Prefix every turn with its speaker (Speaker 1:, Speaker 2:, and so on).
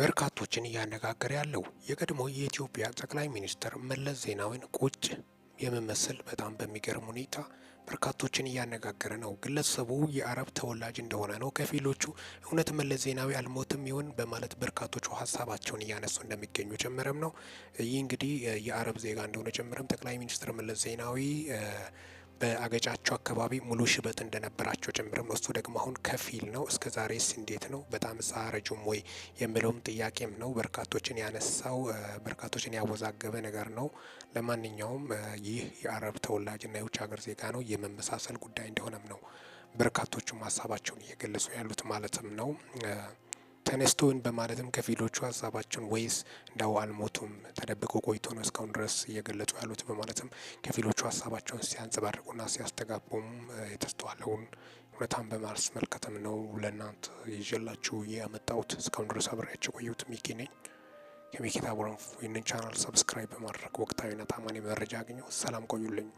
Speaker 1: በርካቶችን እያነጋገረ ያለው የቀድሞ የኢትዮጵያ ጠቅላይ ሚኒስትር መለስ ዜናዊን ቁጭ የምመስል በጣም በሚገርም ሁኔታ በርካቶችን እያነጋገረ ነው። ግለሰቡ የአረብ ተወላጅ እንደሆነ ነው። ከፊሎቹ እውነት መለስ ዜናዊ አልሞትም ይሆን በማለት በርካቶቹ ሀሳባቸውን እያነሱ እንደሚገኙ ጭምርም ነው። ይህ እንግዲህ የአረብ ዜጋ እንደሆነ ጭምርም ጠቅላይ ሚኒስትር መለስ ዜናዊ በአገጫቸው አካባቢ ሙሉ ሽበት እንደነበራቸው ጭምርም እሱ ደግሞ አሁን ከፊል ነው። እስከ ዛሬስ እንዴት ነው? በጣም ሳረጁም ወይ የሚለውም ጥያቄም ነው በርካቶችን ያነሳው በርካቶችን ያወዛገበ ነገር ነው። ለማንኛውም ይህ የአረብ ተወላጅና የውጭ ሀገር ዜጋ ነው የመመሳሰል ጉዳይ እንደሆነም ነው በርካቶቹም ሀሳባቸውን እየገለጹ ያሉት ማለትም ነው። ተነስቶን በማለትም ከፊሎቹ ሀሳባቸውን ወይስ እንዳው አልሞቱም ተደብቆ ቆይቶ ነው እስካሁን ድረስ እየገለጹ ያሉት በማለትም ከፊሎቹ ሀሳባቸውን ሲያንጸባርቁና ሲያስተጋቡም የተስተዋለውን እውነታን በማስመልከትም ነው ለእናንተ ይዤላችሁ ያመጣሁት። እስካሁን ድረስ አብሬያቸው ቆየሁት። ሚኪ ነኝ የሚኪታ ቦረንፍ። ይህንን ቻናል ሰብስክራይብ በማድረግ ወቅታዊና ታማኝ መረጃ አግኘው። ሰላም ቆዩልኝ።